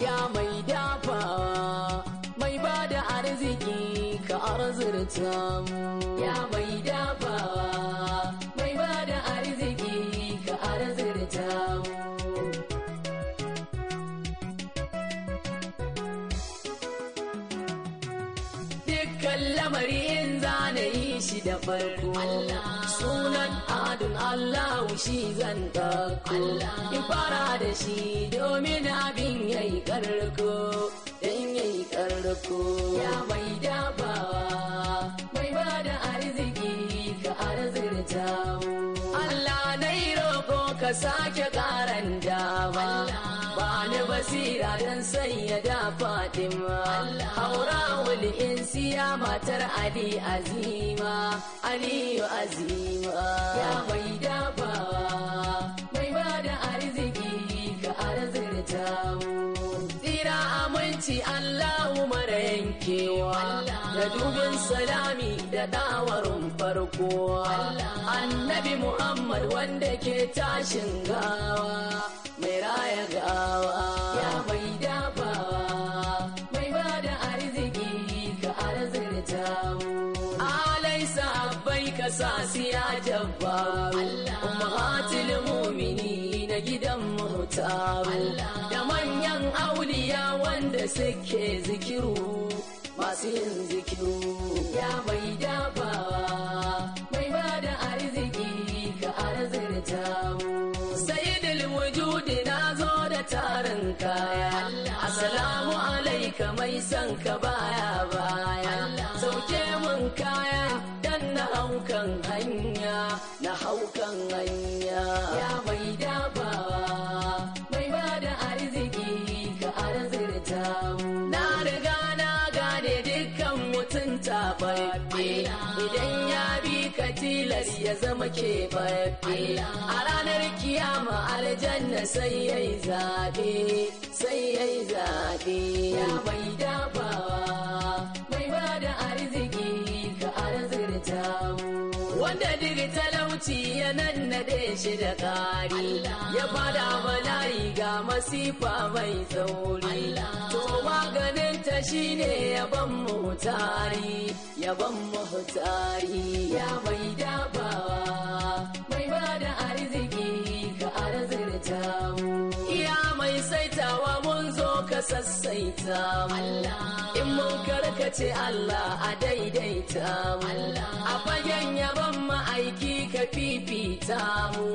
ya mai dafa mai ba da arziki ka arzirta mu ya mai dafa mai ba da arziki ka arzirta mu dukkan lamari shi da farko sunan adun allahu shi zan ɗauko in fara da shi domin abin yayi karko dan yayi karko ya mai dabawa mai ba da arziki ka arzirta Allah na yi roƙo ka sake ƙaran dawa basira don sanya da Fatima in siya matar Ali azima Aliyu azima ya mai dafawa mai bada arziki ga arzirta mu tsira aminci Allahu mara yankewa da dubin salami da dawarun farko annabi Muhammad wanda ke tashin gawa mai raya gawa ya mai dafawa mai ba da arziki ka arzirta mu alai sahabbai ka sa siya jabba ummahatil mumini na gidan mahuta da manyan auliya wanda suke zikiru masu yin zikiru ya mai dafawa mai ba da arziki ka arzirta mu da tarin kaya assalamu alaika mai son ka baya baya sauke mun kaya dan na haukan hanya na haukan hanya ya mai daba mai ba da arziki ka arzirta na riga na gane dukkan mutum tabarbe idan ya bi ka tilas ya zama keɓaɓɓe a ranar kiyama aljanna sai yai zaɓe sai yai zaɓe ya mai dafawa mai ba da arziki ka arzirta wanda diri talauci ya nannaɗe shi da ƙari ya fada bala'i ga masifa mai tsauri to maganin ta shine yaban mu tari yaban mu tari ya mai dafawa sassaita in mun karkace Allah a daidaita a fagen yaban ma'aiki ka fifita mu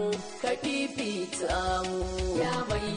ka fifita mu ya mai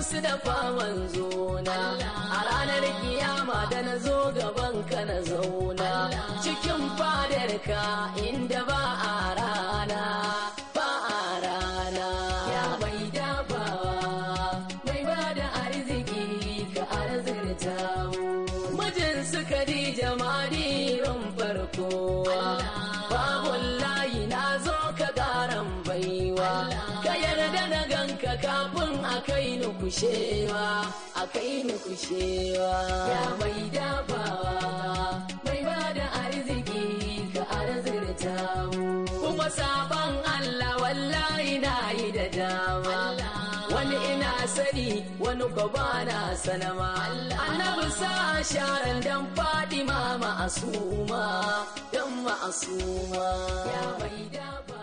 wasu da faman zona a ranar kiyama da na zo gaban ka na zauna cikin fadar ka inda ba a rana ba a rana ya mai dafawa mai ba da arziki ka arzirta mu mijin su kadija madirin farko akai ni kushewa akai ni kushewa ya mai dafawa mai da arziki ga arzirta mu kuma sabon Allah wallahi na yi da dama wani ina sani wani gaba na sanama annabi sa sharan dan fadima ma'asuma dan ma'asuma ya mai dafawa